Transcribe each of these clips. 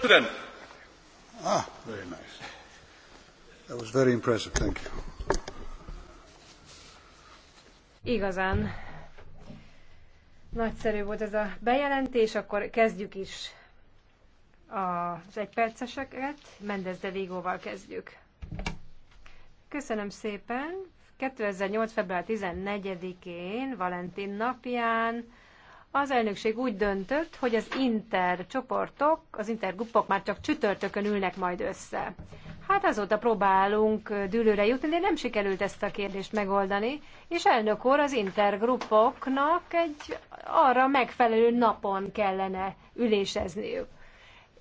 President. Ah, very nice. That was very impressive. Thank you. Igazán nagyszerű volt ez a bejelentés, akkor kezdjük is az egyperceseket. Mendez de Vigóval kezdjük. Köszönöm szépen. 2008. február 14-én, Valentin napján, az elnökség úgy döntött, hogy az intercsoportok, az intergupok már csak csütörtökön ülnek majd össze. Hát azóta próbálunk dűlőre jutni, de nem sikerült ezt a kérdést megoldani, és elnök úr az intergrupoknak egy arra megfelelő napon kellene ülésezniük.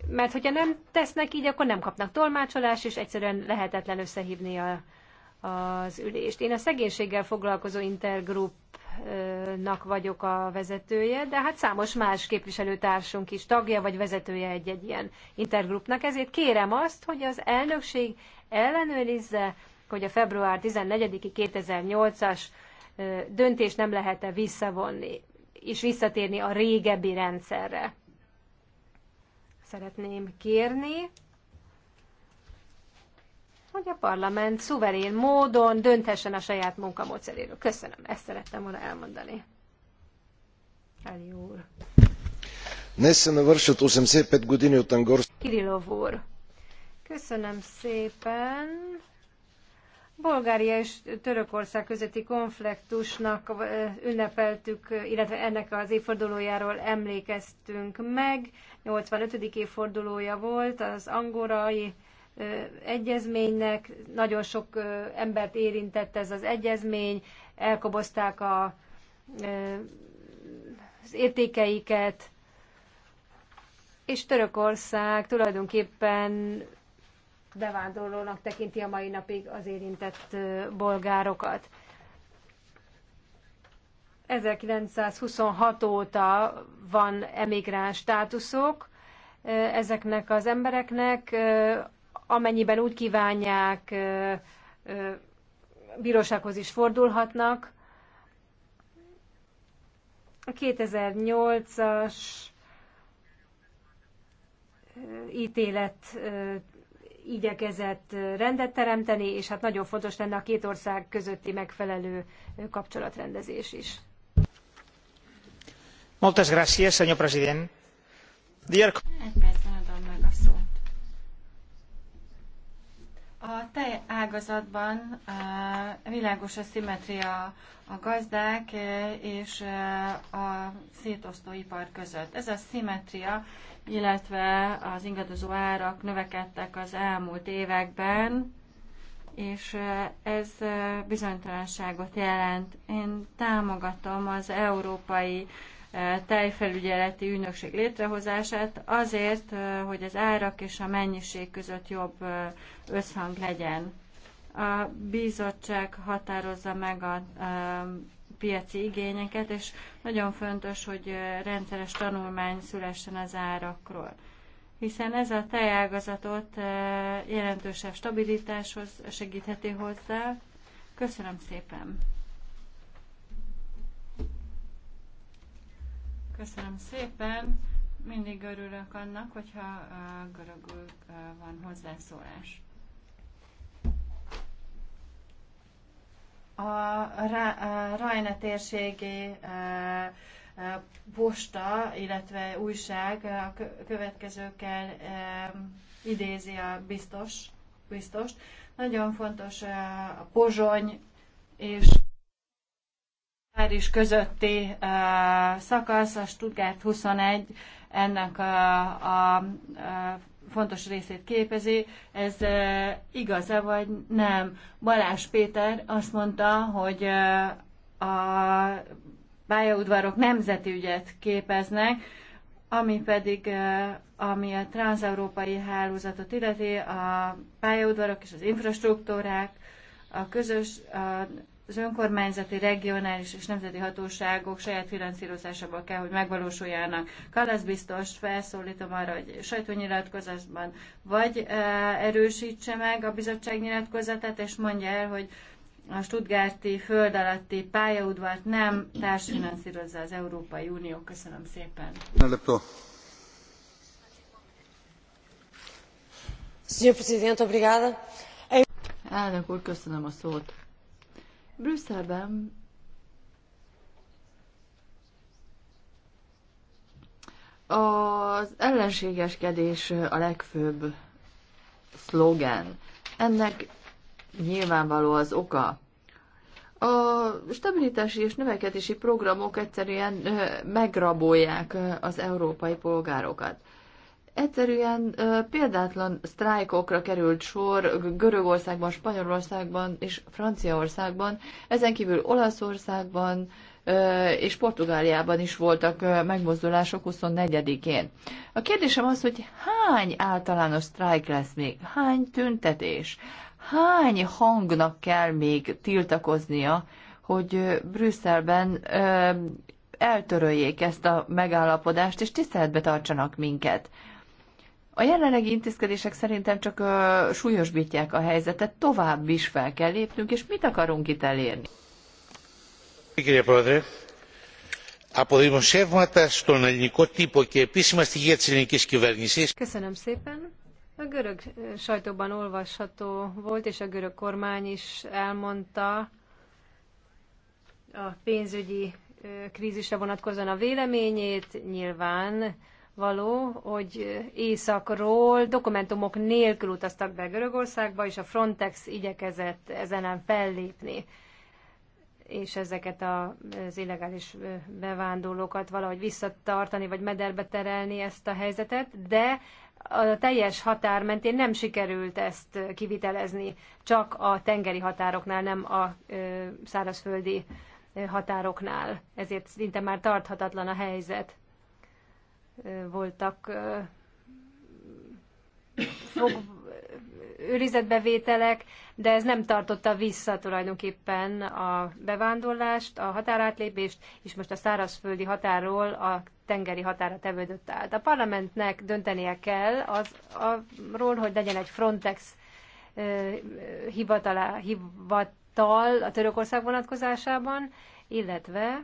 Mert hogyha nem tesznek így, akkor nem kapnak tolmácsolást, és egyszerűen lehetetlen összehívni a, az ülést. Én a szegénységgel foglalkozó intergrup nak vagyok a vezetője, de hát számos más képviselőtársunk is tagja vagy vezetője egy-egy ilyen intergrupnak, ezért kérem azt, hogy az elnökség ellenőrizze, hogy a február 14-i 2008-as döntés nem lehet-e visszavonni, és visszatérni a régebbi rendszerre. Szeretném kérni, hogy a parlament szuverén módon dönthessen a saját munkamódszeréről. Köszönöm, ezt szerettem volna elmondani. Kirillov úr. 85 Köszönöm szépen. Bulgária és Törökország közötti konfliktusnak ünnepeltük, illetve ennek az évfordulójáról emlékeztünk meg. 85. évfordulója volt az angorai egyezménynek. Nagyon sok embert érintett ez az egyezmény, elkobozták a, az értékeiket, és Törökország tulajdonképpen bevándorlónak tekinti a mai napig az érintett bolgárokat. 1926 óta van emigráns státuszok ezeknek az embereknek, amennyiben úgy kívánják, bírósághoz is fordulhatnak. A 2008-as ítélet igyekezett rendet teremteni, és hát nagyon fontos lenne a két ország közötti megfelelő kapcsolatrendezés is. Moltes gracias, señor president. Dear... Egy perc A te ágazatban világos a szimmetria a gazdák e, és e, a szétosztó ipar között. Ez a szimmetria, illetve az ingadozó árak növekedtek az elmúlt években, és e, ez bizonytalanságot jelent. Én támogatom az európai E, tejfelügyeleti ügynökség létrehozását azért, e, hogy az árak és a mennyiség között jobb e, összhang legyen. A bizottság határozza meg a piaci igényeket, és nagyon fontos, hogy rendszeres tanulmány szülessen az árakról hiszen ez a tejágazatot jelentősebb stabilitáshoz segítheti hozzá. Köszönöm szépen! Köszönöm szépen. Mindig örülök annak, hogyha uh, görögül uh, van hozzászólás. a Rajna térségi uh, posta, illetve újság a következőkkel um, idézi a biztos, biztost. Nagyon fontos a Pozsony és Párizs közötti szakasz, a Stuttgart 21 ennek a, a, a fontos részét képezi. Ez igaz-e vagy nem? Balázs Péter azt mondta, hogy a pályaudvarok nemzeti ügyet képeznek, ami pedig ami a transeurópai hálózatot illeti, a pályaudvarok és az infrastruktúrák, a közös a az önkormányzati, regionális és nemzeti hatóságok saját finanszírozásából kell, hogy megvalósuljanak. Kalasz biztos, felszólítom arra, hogy sajtónyilatkozatban vagy e, erősítse meg a bizottság nyilatkozatát, és mondja el, hogy a Stuttgarti föld alatti pályaudvart nem társfinanszírozza az Európai Unió. Köszönöm szépen. Elnök úr, köszönöm a szót. Brüsszelben az ellenségeskedés a legfőbb szlogen. Ennek nyilvánvaló az oka. A stabilitási és növekedési programok egyszerűen megrabolják az európai polgárokat. Egyszerűen példátlan sztrájkokra került sor Görögországban, Spanyolországban és Franciaországban, ezen kívül Olaszországban és Portugáliában is voltak megmozdulások 24-én. A kérdésem az, hogy hány általános sztrájk lesz még, hány tüntetés, hány hangnak kell még tiltakoznia, hogy Brüsszelben eltöröljék ezt a megállapodást, és tiszteletbe tartsanak minket. A jelenlegi intézkedések szerintem csak ö, súlyosbítják a helyzetet, tovább is fel kell lépnünk, és mit akarunk itt elérni? Köszönöm szépen. A görög sajtóban olvasható volt, és a görög kormány is elmondta a pénzügyi krízisre vonatkozóan a véleményét. Nyilván való, hogy északról dokumentumok nélkül utaztak be Görögországba, és a Frontex igyekezett ezen ellen fellépni és ezeket az illegális bevándorlókat valahogy visszatartani, vagy mederbe terelni ezt a helyzetet, de a teljes határ mentén nem sikerült ezt kivitelezni, csak a tengeri határoknál, nem a szárazföldi határoknál. Ezért szinte már tarthatatlan a helyzet voltak fog, őrizetbevételek, de ez nem tartotta vissza tulajdonképpen a bevándorlást, a határátlépést, és most a szárazföldi határól a tengeri határa tevődött át. A parlamentnek döntenie kell az, arról, hogy legyen egy Frontex hivatala, hivatal a Törökország vonatkozásában, illetve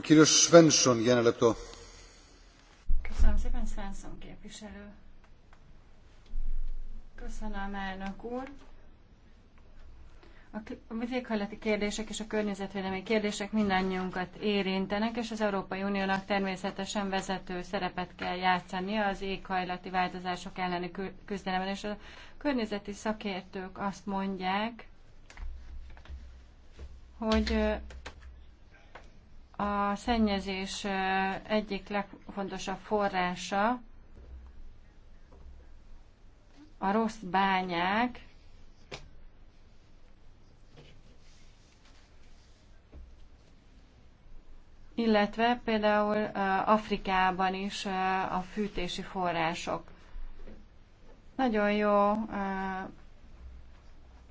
Köszönöm szépen, Svensson képviselő. Köszönöm, elnök úr. A éghajlati kérdések és a környezetvédelmi kérdések mindannyiunkat érintenek, és az Európai Uniónak természetesen vezető szerepet kell játszania az éghajlati változások elleni küzdelemben, és a környezeti szakértők azt mondják, hogy a szennyezés egyik legfontosabb forrása a rossz bányák, illetve például Afrikában is a fűtési források. Nagyon jó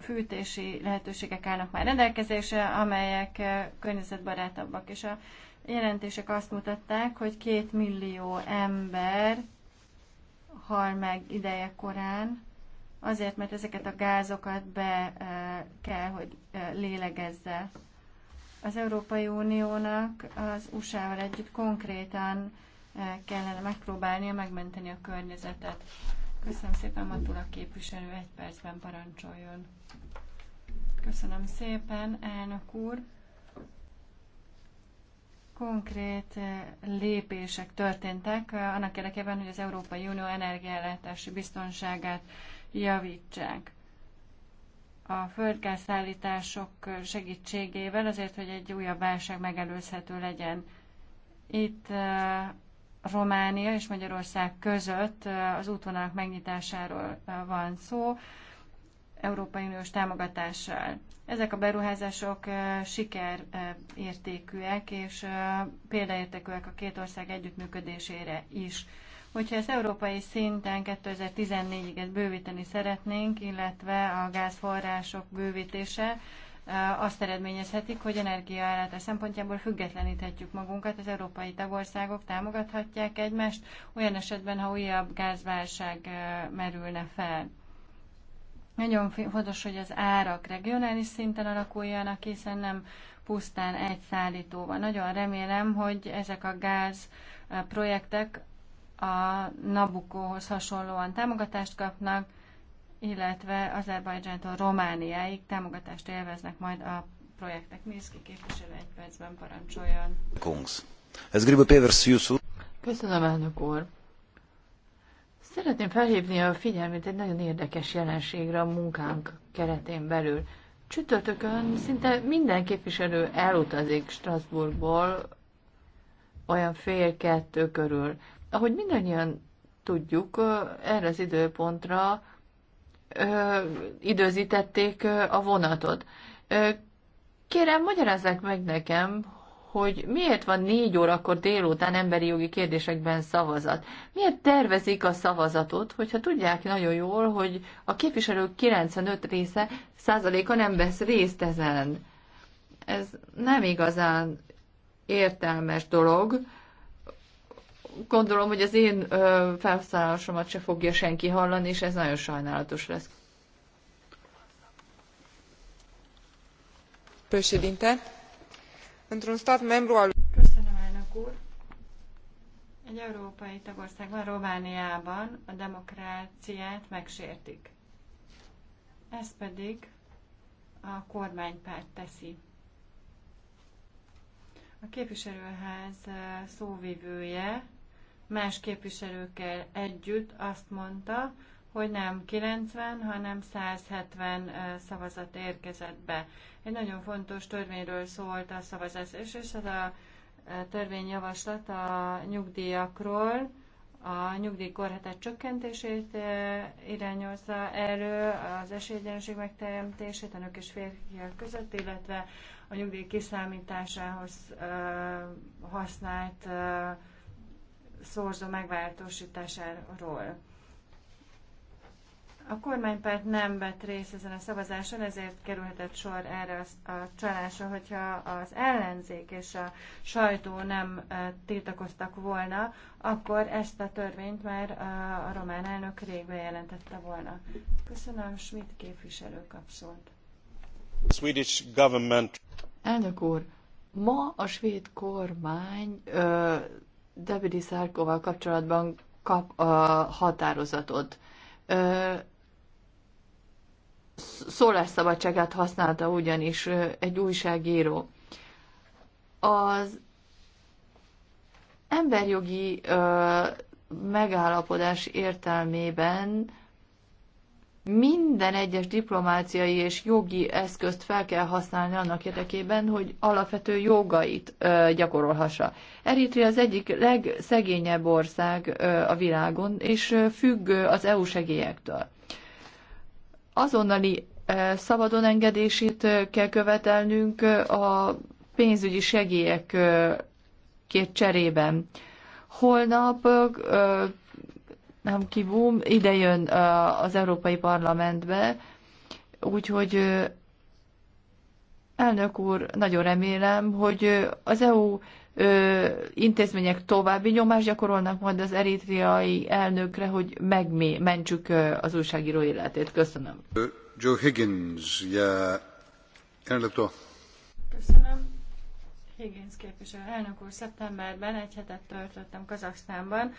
fűtési lehetőségek állnak már rendelkezésre, amelyek eh, környezetbarátabbak. És a jelentések azt mutatták, hogy két millió ember hal meg ideje korán, azért, mert ezeket a gázokat be eh, kell, hogy eh, lélegezze. Az Európai Uniónak az USA-val együtt konkrétan kellene megpróbálnia megmenteni a környezetet. Köszönöm szépen, Matula képviselő, egy percben parancsoljon. Köszönöm szépen, elnök úr. Konkrét eh, lépések történtek eh, annak érdekében, hogy az Európai Unió energiállátási biztonságát javítsák a földgázszállítások eh, segítségével, azért, hogy egy újabb válság megelőzhető legyen. Itt Románia és Magyarország között az útvonalak megnyitásáról van szó, Európai Uniós támogatással. Ezek a beruházások sikerértékűek és példaértékűek a két ország együttműködésére is. Hogyha ezt európai szinten 2014-ig bővíteni szeretnénk, illetve a gázforrások bővítése, azt eredményezhetik, hogy energiaellátás szempontjából függetleníthetjük magunkat, az európai tagországok támogathatják egymást, olyan esetben, ha újabb gázválság merülne fel. Nagyon fontos, hogy az árak regionális szinten alakuljanak, hiszen nem pusztán egy szállítóval. Nagyon remélem, hogy ezek a gáz projektek a Nabukóhoz hasonlóan támogatást kapnak, illetve Azerbajdzsántól Romániáig támogatást élveznek majd a projektek. ki, képviselő egy percben parancsoljon. Kungs. Ez gribu pievērsu Köszönöm, elnök úr. Szeretném felhívni a figyelmét egy nagyon érdekes jelenségre a munkánk keretén belül. Csütörtökön szinte minden képviselő elutazik Strasbourgból olyan fél kettő körül. Ahogy mindannyian tudjuk, erre az időpontra időzítették a vonatot. Kérem, magyarázzák meg nekem, hogy miért van négy órakor délután emberi jogi kérdésekben szavazat. Miért tervezik a szavazatot, hogyha tudják nagyon jól, hogy a képviselők 95 része százaléka nem vesz részt ezen. Ez nem igazán értelmes dolog gondolom, hogy az én ö, felszállásomat se fogja senki hallani, és ez nagyon sajnálatos lesz. Președinte, într-un stat membru al... Köszönöm, elnök úr. Egy európai tagországban, Romániában a demokráciát megsértik. Ez pedig a kormánypárt teszi. A képviselőház szóvivője más képviselőkkel együtt azt mondta, hogy nem 90, hanem 170 szavazat érkezett be. Egy nagyon fontos törvényről szólt a szavazás, és ez a törvényjavaslat a nyugdíjakról, a nyugdíjkorhatár csökkentését irányozza elő, az esélyegyenlőség megteremtését a nők és férfiak között, illetve a nyugdíj kiszámításához használt szorzó megváltoztatásáról. A kormánypárt nem vett részt ezen a szavazáson, ezért kerülhetett sor erre a csalásra, hogyha az ellenzék és a sajtó nem tiltakoztak volna, akkor ezt a törvényt már a román elnök rég bejelentette volna. Köszönöm, Schmidt képviselő kapszolt. Swedish government. Elnök úr, ma a svéd kormány ö, Davidi Szárkóval kapcsolatban kap a határozatot. Ö, szólásszabadságát használta ugyanis egy újságíró. Az emberjogi ö, megállapodás értelmében minden egyes diplomáciai és jogi eszközt fel kell használni annak érdekében, hogy alapvető jogait ö, gyakorolhassa. Eritrea az egyik legszegényebb ország ö, a világon, és ö, függ az EU segélyektől. Azonnali ö, szabadon engedését ö, kell követelnünk ö, a pénzügyi segélyek ö, két cserében. Holnap ö, nem Kibum ide jön az Európai Parlamentbe, úgyhogy elnök úr, nagyon remélem, hogy az EU intézmények további nyomást gyakorolnak majd az eritriai elnökre, hogy megmentsük az újságíró életét. Köszönöm. Joe Higgins, yeah. Köszönöm. Higgins képviselő elnök úr, szeptemberben egy hetet töltöttem Kazaksztánban,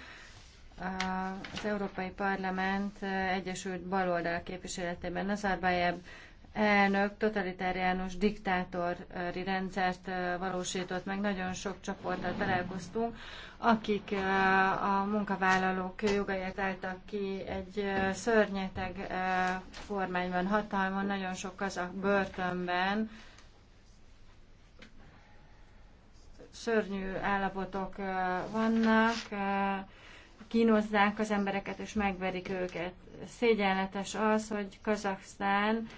az Európai Parlament eh, Egyesült Baloldal képviseletében Nazarbayev elnök totalitáriánus diktátori rendszert eh, valósított meg. Nagyon sok csoporttal találkoztunk, akik eh, a munkavállalók jogaiért álltak ki egy szörnyeteg kormányban, hatalmon, nagyon sok az a börtönben, szörnyű állapotok vannak, kínozzák az embereket és megverik őket. Szégyenletes az, hogy Kazaksztán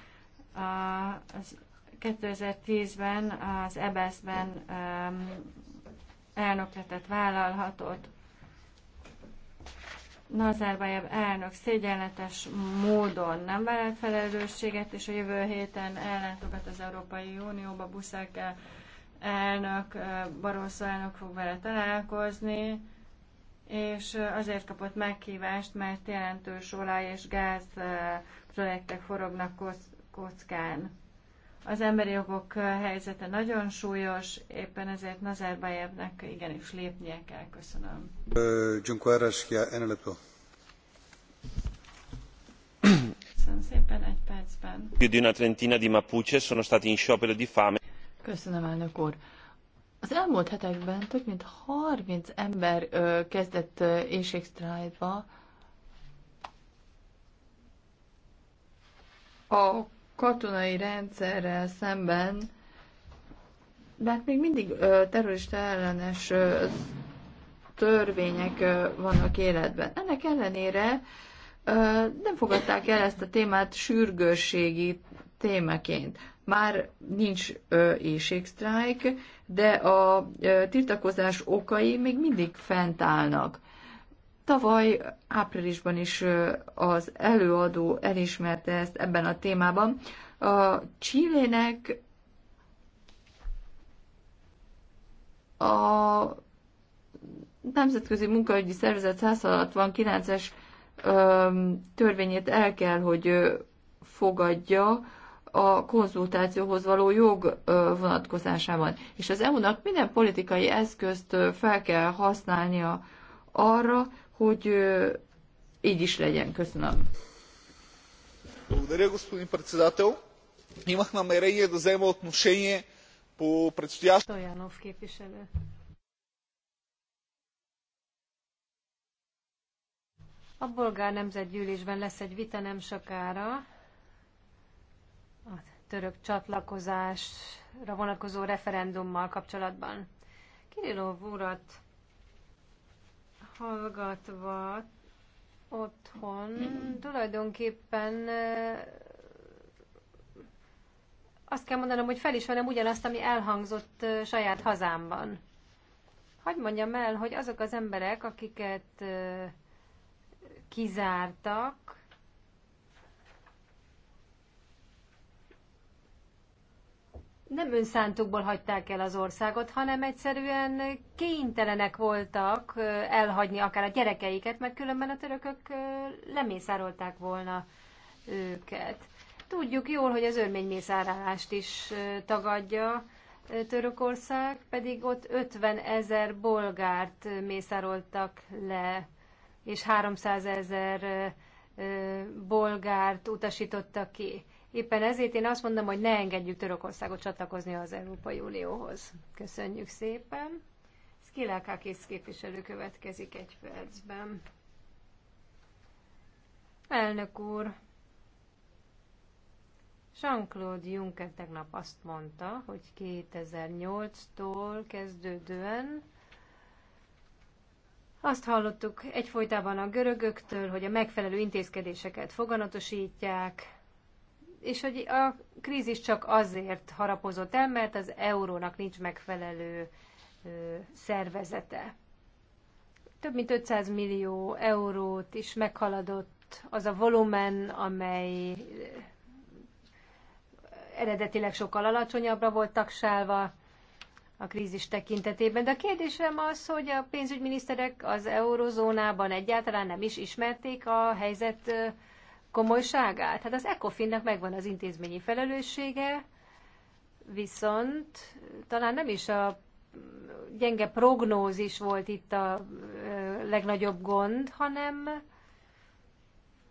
az 2010-ben az EBSZ-ben um, elnökletet vállalhatott. Nazarbayev elnök szégyenletes módon nem vállalt felelősséget, és a jövő héten ellátogat az Európai Unióba, Buszák elnök, Barroso elnök fog vele találkozni és azért kapott meghívást, mert jelentős olaj és gáz projektek forognak kockán. Az emberi jogok helyzete nagyon súlyos, éppen ezért Nazarbayevnek igenis lépnie kell. Köszönöm. Köszönöm szépen egy percben. Köszönöm, elnök úr. Az elmúlt hetekben több mint 30 ember ö, kezdett ö, éjségsztrájkba a katonai rendszerrel szemben, mert még mindig ö, terrorista ellenes ö, törvények ö, vannak életben. Ennek ellenére ö, nem fogadták el ezt a témát sürgősségi témaként már nincs éjségsztrájk, de a tiltakozás okai még mindig fent állnak. Tavaly áprilisban is az előadó elismerte ezt ebben a témában. A Csillének a Nemzetközi Munkaügyi Szervezet 169-es törvényét el kell, hogy fogadja, a konzultációhoz való jog vonatkozásában. És az EU-nak minden politikai eszközt fel kell használnia arra, hogy így is legyen. Köszönöm. Благодаря, господин председател. Имах намерение да взема отношение по предстоящата... A bolgár nemzetgyűlésben lesz egy vita nem sokára török csatlakozásra vonatkozó referendummal kapcsolatban. Kirillov urat hallgatva otthon tulajdonképpen azt kell mondanom, hogy felismerem ugyanazt, ami elhangzott saját hazámban. Hagy mondjam el, hogy azok az emberek, akiket kizártak, nem önszántukból hagyták el az országot, hanem egyszerűen kénytelenek voltak elhagyni akár a gyerekeiket, mert különben a törökök lemészárolták volna őket. Tudjuk jól, hogy az örménymészárálást is tagadja Törökország, pedig ott 50 ezer bolgárt mészároltak le, és 300 ezer bolgárt utasítottak ki. Éppen ezért én azt mondom, hogy ne engedjük Törökországot csatlakozni az Európai Unióhoz. Köszönjük szépen. Szkilákákész képviselő következik egy percben. Elnök úr, Jean-Claude Juncker tegnap azt mondta, hogy 2008-tól kezdődően azt hallottuk egyfolytában a görögöktől, hogy a megfelelő intézkedéseket foganatosítják, és hogy a krízis csak azért harapozott el, mert az eurónak nincs megfelelő szervezete. Több mint 500 millió eurót is meghaladott az a volumen, amely eredetileg sokkal alacsonyabbra volt taksálva a krízis tekintetében. De a kérdésem az, hogy a pénzügyminiszterek az eurozónában egyáltalán nem is ismerték a helyzet komolyságát. Hát az ECOFIN-nak megvan az intézményi felelőssége, viszont talán nem is a gyenge prognózis volt itt a legnagyobb gond, hanem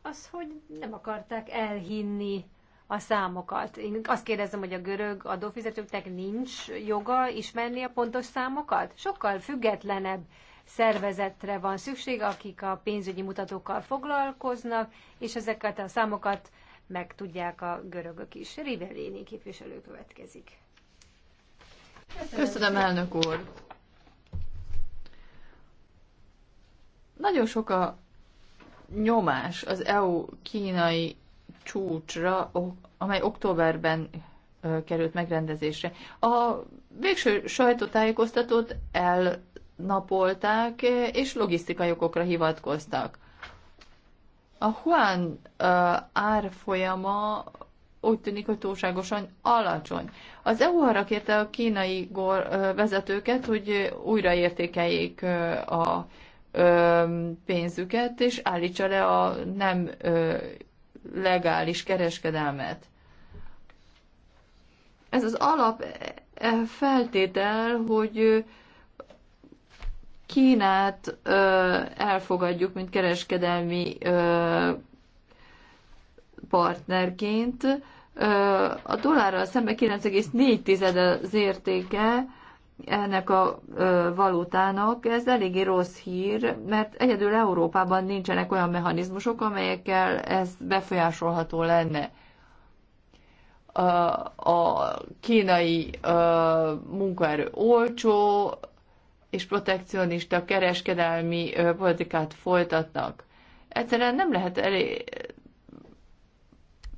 az, hogy nem akarták elhinni a számokat. Én azt kérdezem, hogy a görög adófizetőknek nincs joga ismerni a pontos számokat? Sokkal függetlenebb szervezetre van szükség, akik a pénzügyi mutatókkal foglalkoznak, és ezeket a számokat meg tudják a görögök is. Rivellini képviselő következik. Köszönöm, Köszönöm elnök úr! Nagyon sok a nyomás az EU-kínai csúcsra, amely októberben került megrendezésre. A végső sajtótájékoztatót el napolták, és logisztikai okokra hivatkoztak. A Juan árfolyama úgy tűnik, hogy túlságosan alacsony. Az EU arra kérte a kínai vezetőket, hogy újraértékeljék a pénzüket, és állítsa le a nem legális kereskedelmet. Ez az alap feltétel, hogy Kínát ö, elfogadjuk, mint kereskedelmi ö, partnerként. Ö, a dollárral szemben 9,4 az értéke ennek a ö, valutának. Ez eléggé rossz hír, mert egyedül Európában nincsenek olyan mechanizmusok, amelyekkel ez befolyásolható lenne a kínai munkaerő olcsó, és protekcionista kereskedelmi politikát folytatnak. Egyszerűen nem lehet elé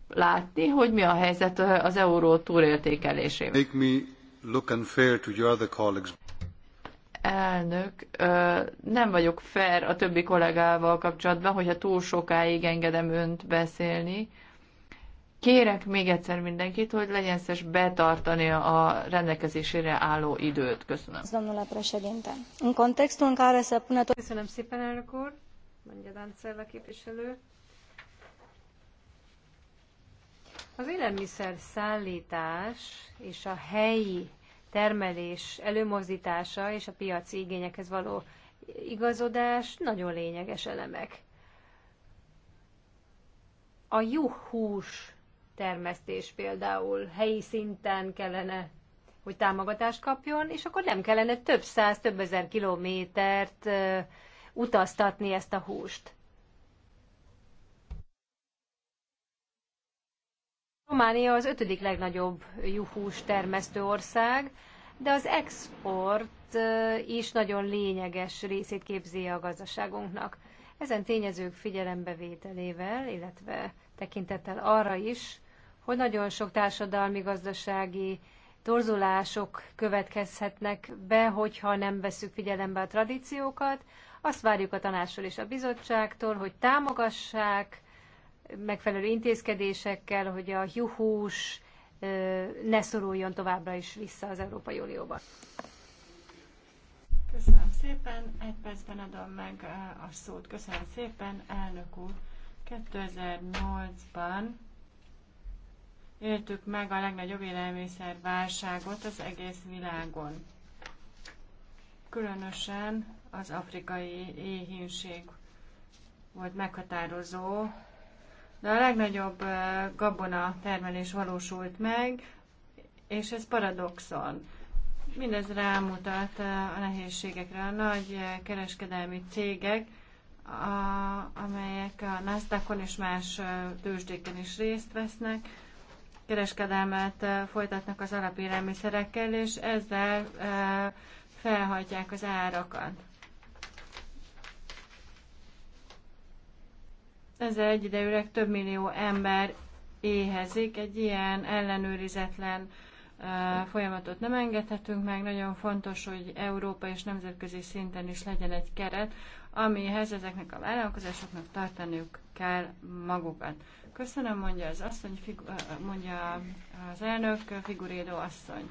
látni, hogy mi a helyzet az euró túlértékelésében. Elnök, nem vagyok fair a többi kollégával kapcsolatban, hogyha túl sokáig engedem önt beszélni. Kérek még egyszer mindenkit, hogy legyen szes betartani a rendelkezésére álló időt. Köszönöm. Domnule președinte, în contextul în care se pune... Köszönöm szépen, elnök úr, mondja Dáncella képviselő. Az élelmiszer szállítás és a helyi termelés előmozdítása és a piaci igényekhez való igazodás nagyon lényeges elemek. A juhús termesztés például helyi szinten kellene, hogy támogatást kapjon, és akkor nem kellene több száz, több ezer kilométert utaztatni ezt a húst. Románia az ötödik legnagyobb juhús termesztő ország, de az export is nagyon lényeges részét képzi a gazdaságunknak. Ezen tényezők figyelembevételével, illetve tekintettel arra is, hogy nagyon sok társadalmi, gazdasági torzulások következhetnek be, hogyha nem veszük figyelembe a tradíciókat. Azt várjuk a tanácsról és a bizottságtól, hogy támogassák megfelelő intézkedésekkel, hogy a juhús ne szoruljon továbbra is vissza az Európai Unióba. Köszönöm szépen, egy percben adom meg a szót. Köszönöm szépen, elnök úr. 2008-ban éltük meg a legnagyobb élelmiszerválságot az egész világon. Különösen az afrikai éhínség volt meghatározó, de a legnagyobb gabona termelés valósult meg, és ez paradoxon. Mindez rámutat a nehézségekre. A nagy kereskedelmi cégek, a, amelyek a Nasdaqon és más tőzsdéken is részt vesznek, kereskedelmet eh, folytatnak az arab élelmiszerekkel, és ezzel eh, felhajtják az árakat. Ezzel egyidejűleg több millió ember éhezik. Egy ilyen ellenőrizetlen eh, folyamatot nem engedhetünk meg. Nagyon fontos, hogy Európa és nemzetközi szinten is legyen egy keret, amihez ezeknek a vállalkozásoknak tartaniuk kell magukat. Köszönöm, mondja az asszony, figu- mondja az elnök, figurédó asszony.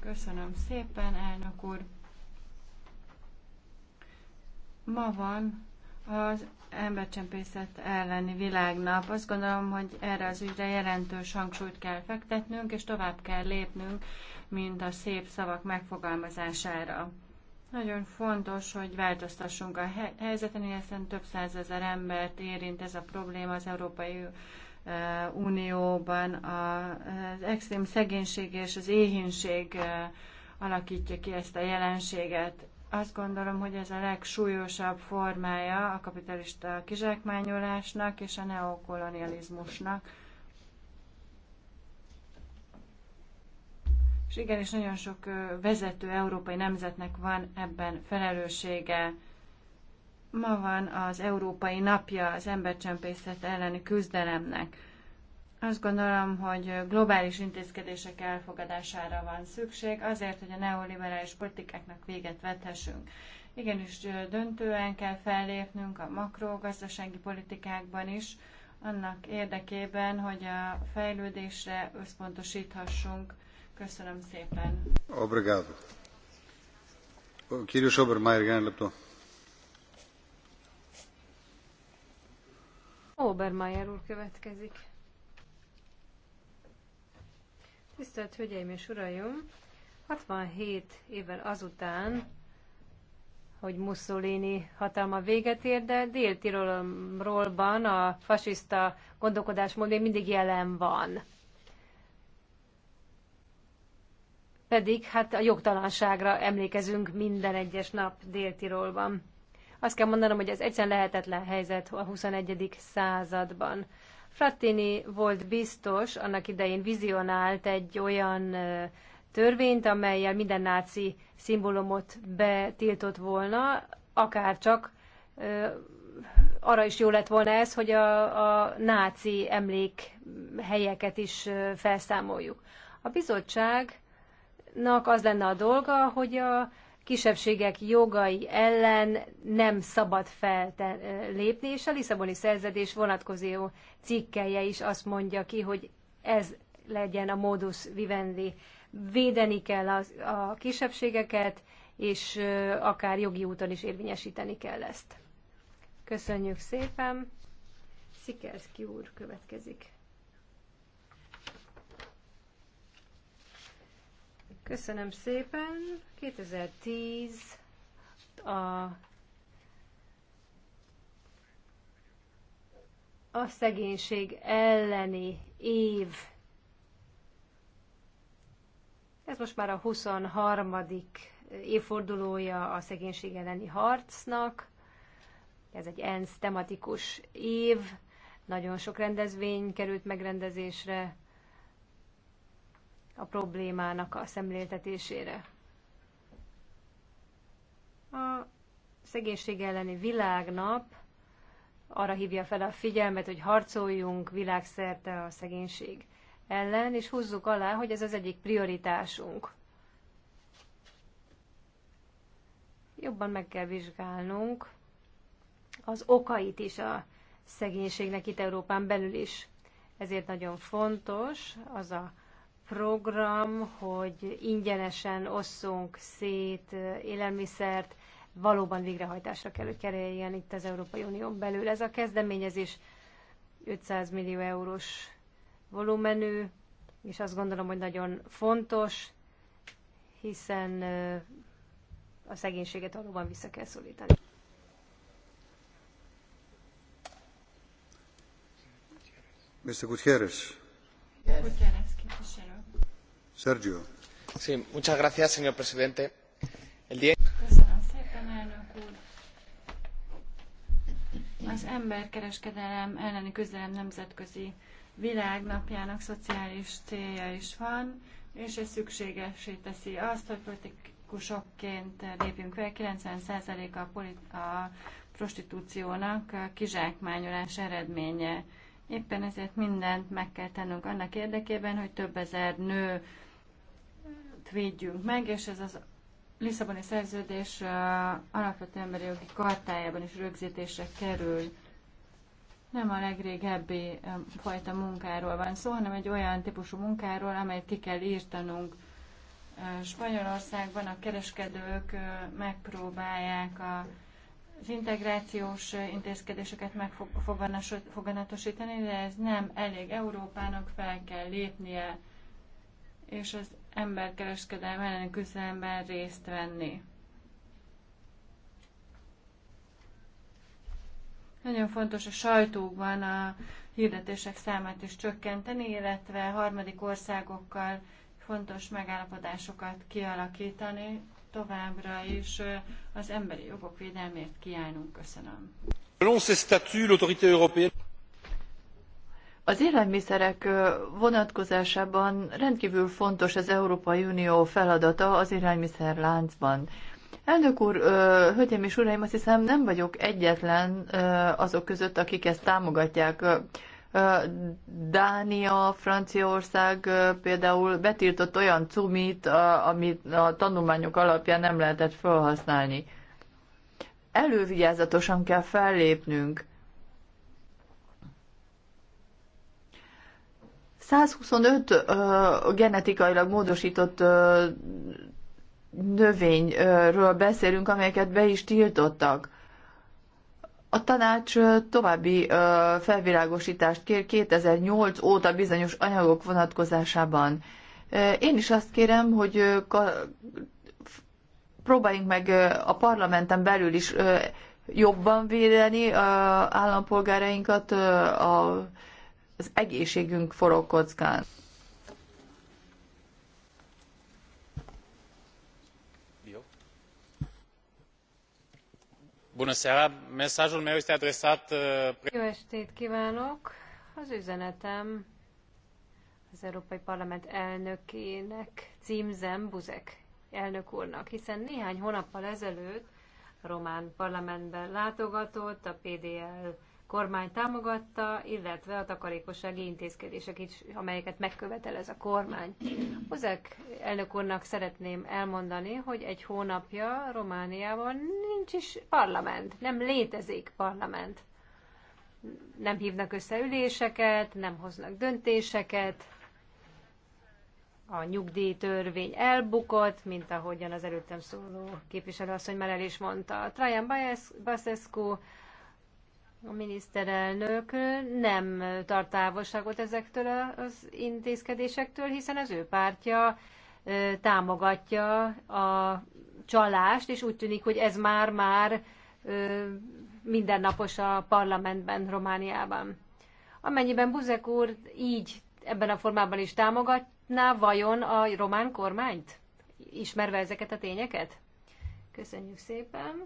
Köszönöm szépen, elnök úr. Ma van az embercsempészet elleni világnap. Azt gondolom, hogy erre az ügyre jelentős hangsúlyt kell fektetnünk, és tovább kell lépnünk, mint a szép szavak megfogalmazására. Nagyon fontos, hogy változtassunk a helyzeten, hiszen több százezer embert érint ez a probléma az Európai Unióban. Az extrém szegénység és az éhínség alakítja ki ezt a jelenséget. Azt gondolom, hogy ez a legsúlyosabb formája a kapitalista kizsákmányolásnak és a neokolonializmusnak És igenis nagyon sok vezető európai nemzetnek van ebben felelőssége. Ma van az Európai Napja az embercsempészet elleni küzdelemnek. Azt gondolom, hogy globális intézkedések elfogadására van szükség, azért, hogy a neoliberális politikáknak véget vethessünk. Igenis döntően kell fellépnünk a makrogazdasági politikákban is, annak érdekében, hogy a fejlődésre összpontosíthassunk Köszönöm szépen. Obrigado. Kérjük Obermeier, gánylaptó. Obermeier úr következik. Tisztelt Hölgyeim és Uraim! 67 évvel azután, hogy Mussolini hatalma véget ér, de dél a fasiszta gondolkodásmód még mindig jelen van. pedig hát a jogtalanságra emlékezünk minden egyes nap Dél-Tirolban. Azt kell mondanom, hogy ez egyszerűen lehetetlen helyzet a 21. században. Frattini volt biztos, annak idején vizionált egy olyan törvényt, amelyel minden náci szimbólumot betiltott volna, akár csak arra is jó lett volna ez, hogy a, a náci emlékhelyeket is felszámoljuk. A bizottság Nak az lenne a dolga, hogy a kisebbségek jogai ellen nem szabad fellépni, és a Lisszaboni szerződés vonatkozó cikkelje is azt mondja ki, hogy ez legyen a modus vivendi. Védeni kell a, a kisebbségeket, és akár jogi úton is érvényesíteni kell ezt. Köszönjük szépen. Szikerszki úr következik. Köszönöm szépen. 2010 a a szegénység elleni év. Ez most már a 23. évfordulója a szegénység elleni harcnak. Ez egy ENSZ tematikus év. Nagyon sok rendezvény került megrendezésre a problémának a szemléltetésére. A szegénység elleni világnap arra hívja fel a figyelmet, hogy harcoljunk világszerte a szegénység ellen, és húzzuk alá, hogy ez az egyik prioritásunk. Jobban meg kell vizsgálnunk az okait is a szegénységnek itt Európán belül is. Ezért nagyon fontos az a program, hogy ingyenesen osszunk szét élelmiszert, valóban végrehajtásra kell, hogy kerüljen itt az Európai Unión belül. Ez a kezdeményezés 500 millió eurós volumenű, és azt gondolom, hogy nagyon fontos, hiszen a szegénységet valóban vissza kell szólítani. Mr. Gutierrez. Sergio. Sí, señor presidente. El día... Köszönöm szépen, elnök úr. Az emberkereskedelem elleni küzdelem nemzetközi világnapjának szociális célja is van, és ez szükségesé teszi azt, hogy politikusokként lépjünk fel. 90% a, a prostitúciónak kizsákmányolás eredménye. Éppen ezért mindent meg kell tennünk annak érdekében, hogy több ezer nő védjünk meg, és ez az Lisszaboni szerződés alapvető emberi jogi kartájában is rögzítésre kerül. Nem a legrégebbi fajta munkáról van szó, hanem egy olyan típusú munkáról, amelyet ki kell írtanunk. Spanyolországban a kereskedők megpróbálják a az integrációs intézkedéseket meg foganatosítani, de ez nem elég. Európának fel kell lépnie, és az emberkereskedelme elleni küzdelemben részt venni. Nagyon fontos a sajtókban a hirdetések számát is csökkenteni, illetve harmadik országokkal fontos megállapodásokat kialakítani, továbbra is az emberi jogok védelmért kiállnunk. Köszönöm. Az élelmiszerek vonatkozásában rendkívül fontos az Európai Unió feladata az élelmiszerláncban. Elnök úr, hölgyeim és uraim, azt hiszem nem vagyok egyetlen azok között, akik ezt támogatják. Dánia, Franciaország például betiltott olyan cumit, amit a tanulmányok alapján nem lehetett felhasználni. Elővigyázatosan kell fellépnünk. 125 genetikailag módosított növényről beszélünk, amelyeket be is tiltottak. A tanács további felvilágosítást kér 2008 óta bizonyos anyagok vonatkozásában. Én is azt kérem, hogy próbáljunk meg a parlamenten belül is jobban védeni állampolgárainkat az egészségünk forog kockán. Uh, Jó estét kívánok! Az üzenetem az Európai Parlament elnökének címzem Buzek elnök úrnak, hiszen néhány hónappal ezelőtt a román parlamentben látogatott a PDL kormány támogatta, illetve a takarékossági intézkedések is, amelyeket megkövetel ez a kormány. Ozek elnök úrnak szeretném elmondani, hogy egy hónapja Romániában nincs is parlament, nem létezik parlament. Nem hívnak össze üléseket, nem hoznak döntéseket, a nyugdíjtörvény elbukott, mint ahogyan az előttem szóló képviselőasszony már el is mondta. Trajan Basescu a miniszterelnök nem tart távolságot ezektől az intézkedésektől, hiszen az ő pártja támogatja a csalást, és úgy tűnik, hogy ez már-már mindennapos a parlamentben, Romániában. Amennyiben Buzek úr így ebben a formában is támogatná vajon a román kormányt, ismerve ezeket a tényeket? Köszönjük szépen!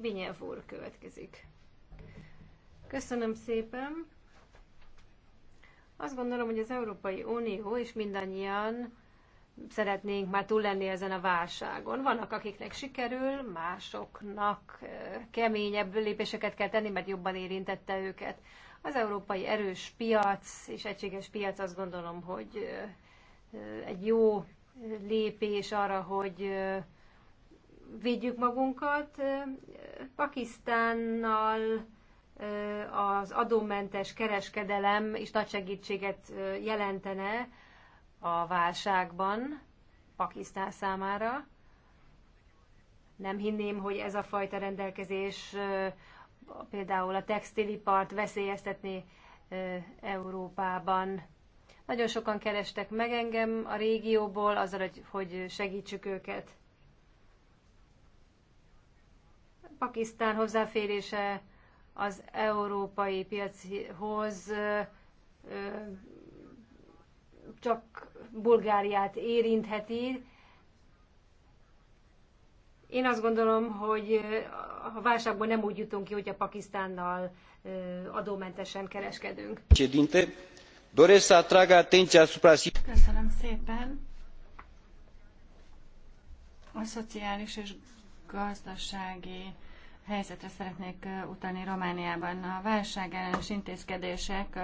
Vinyev úr következik. Köszönöm szépen. Azt gondolom, hogy az Európai Unió és mindannyian szeretnénk már túl lenni ezen a válságon. Vannak, akiknek sikerül, másoknak keményebb lépéseket kell tenni, mert jobban érintette őket. Az európai erős piac és egységes piac azt gondolom, hogy egy jó lépés arra, hogy védjük magunkat. Pakisztánnal az adómentes kereskedelem is nagy segítséget jelentene a válságban Pakisztán számára. Nem hinném, hogy ez a fajta rendelkezés például a textilipart veszélyeztetni Európában. Nagyon sokan kerestek meg engem a régióból, azzal, hogy segítsük őket. Pakisztán hozzáférése az európai piachoz csak Bulgáriát érintheti. Én azt gondolom, hogy a válságból nem úgy jutunk ki, hogy a Pakisztánnal adómentesen kereskedünk. Köszönöm szépen. A szociális és gazdasági helyzetre szeretnék utalni Romániában. A válság ellenes intézkedések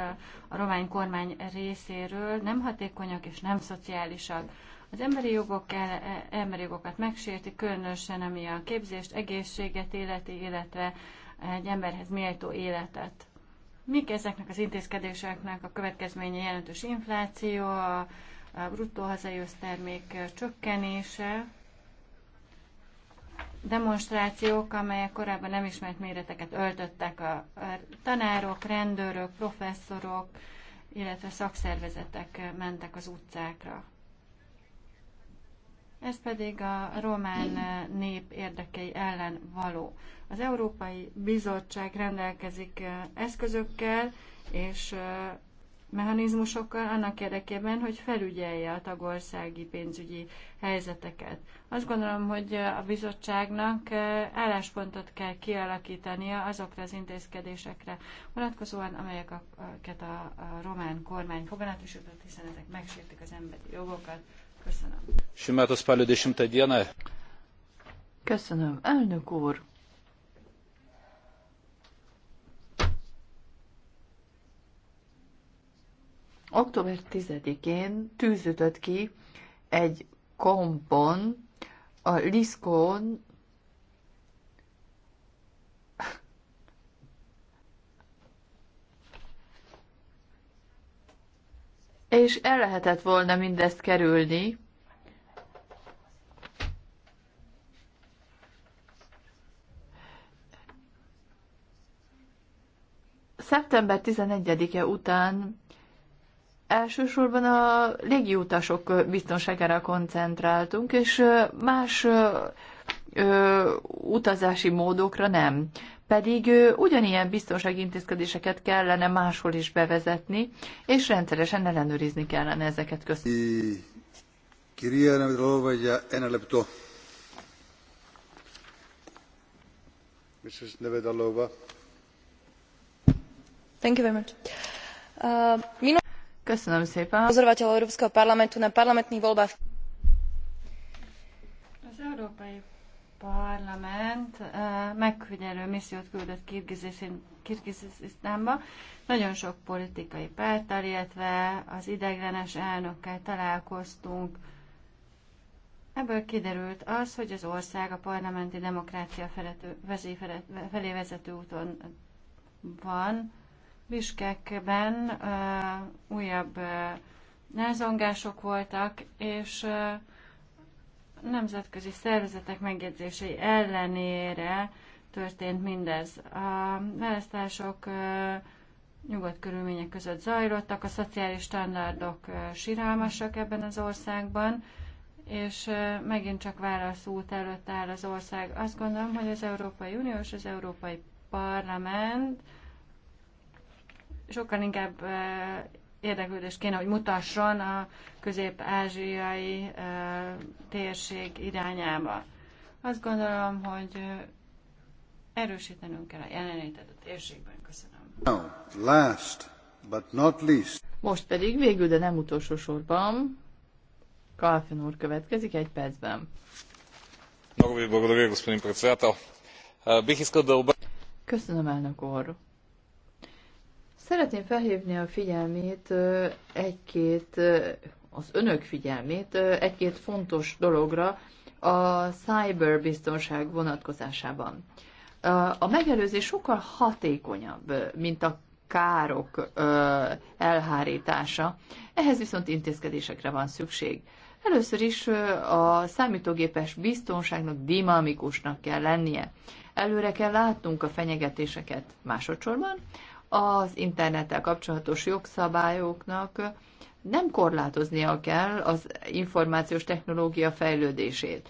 a román kormány részéről nem hatékonyak és nem szociálisak. Az emberi, jogok el, e, emberi jogokat megsérti, különösen ami a képzést, egészséget életi, illetve egy emberhez méltó életet. Mik ezeknek az intézkedéseknek a következménye jelentős infláció, a bruttó hazai termék csökkenése, demonstrációk, amelyek korábban nem ismert méreteket öltöttek a tanárok, rendőrök, professzorok, illetve szakszervezetek mentek az utcákra. Ez pedig a román nép érdekei ellen való. Az Európai Bizottság rendelkezik eszközökkel, és mechanizmusokkal annak érdekében, hogy felügyelje a tagországi pénzügyi helyzeteket. Azt gondolom, hogy a bizottságnak eh, álláspontot kell kialakítania azokra az intézkedésekre vonatkozóan, amelyeket a, román kormány foganatosított, hiszen ezek megsértik az emberi jogokat. Köszönöm. Köszönöm, elnök úr! Október 10-én tűzütött ki egy kompon, a Liszkón és el lehetett volna mindezt kerülni, szeptember 11-e után elsősorban a légiutasok biztonságára koncentráltunk, és más ö, utazási módokra nem. Pedig ö, ugyanilyen biztonsági intézkedéseket kellene máshol is bevezetni, és rendszeresen ellenőrizni kellene ezeket. Köszönöm. Mrs. Nevedalova. Thank you very much. Uh, Köszönöm szépen. Pozorovateľ Európskeho parlamentu na parlamentných voľbách. Az Európai Parlament eh, megfigyelő missziót küldött Kirgizisztánba. Nagyon sok politikai párttal, illetve az ideglenes elnökkel találkoztunk. Ebből kiderült az, hogy az ország a parlamenti demokrácia felé vezető úton van, Biskekben uh, újabb uh, názongások voltak, és uh, nemzetközi szervezetek megjegyzései ellenére történt mindez. A választások uh, nyugodt körülmények között zajlottak, a szociális standardok uh, sírálmasak ebben az országban, és uh, megint csak válaszút előtt áll az ország. Azt gondolom, hogy az Európai Unió és az Európai Parlament uh, sokkal inkább érdeklődést kéne, hogy mutasson a közép-ázsiai térség irányába. Azt gondolom, hogy erősítenünk kell a jelenlétet a térségben. Köszönöm. Now, last but not least. Most pedig végül, de nem utolsó sorban, Kalfin úr következik egy percben. Köszönöm, elnök úr. Szeretném felhívni a figyelmét egy-két, az önök figyelmét egy-két fontos dologra a cyberbiztonság vonatkozásában. A megelőzés sokkal hatékonyabb, mint a károk elhárítása. Ehhez viszont intézkedésekre van szükség. Először is a számítógépes biztonságnak dinamikusnak kell lennie. Előre kell látnunk a fenyegetéseket másodszorban az internettel kapcsolatos jogszabályoknak nem korlátoznia kell az információs technológia fejlődését.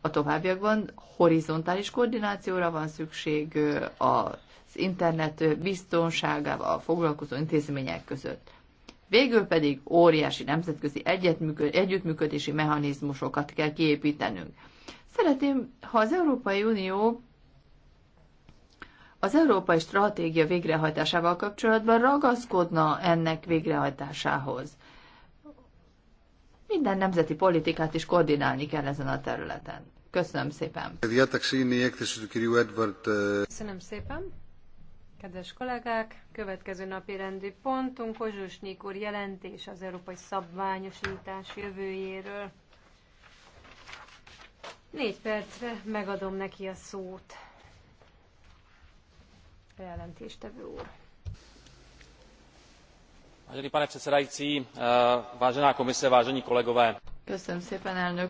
A továbbiakban horizontális koordinációra van szükség az internet biztonságával foglalkozó intézmények között. Végül pedig óriási nemzetközi együttműködési mechanizmusokat kell kiépítenünk. Szeretném, ha az Európai Unió az európai stratégia végrehajtásával kapcsolatban ragaszkodna ennek végrehajtásához. Minden nemzeti politikát is koordinálni kell ezen a területen. Köszönöm szépen. Köszönöm szépen. Kedves kollégák, következő napi rendi pontunk Kozsus úr jelentés az európai szabványosítás jövőjéről. Négy percre megadom neki a szót illetve jelentéstevő úr. Vážený pane předsedající, eh, vážená komise, vážení kolegové. Köszönöm szépen, elnök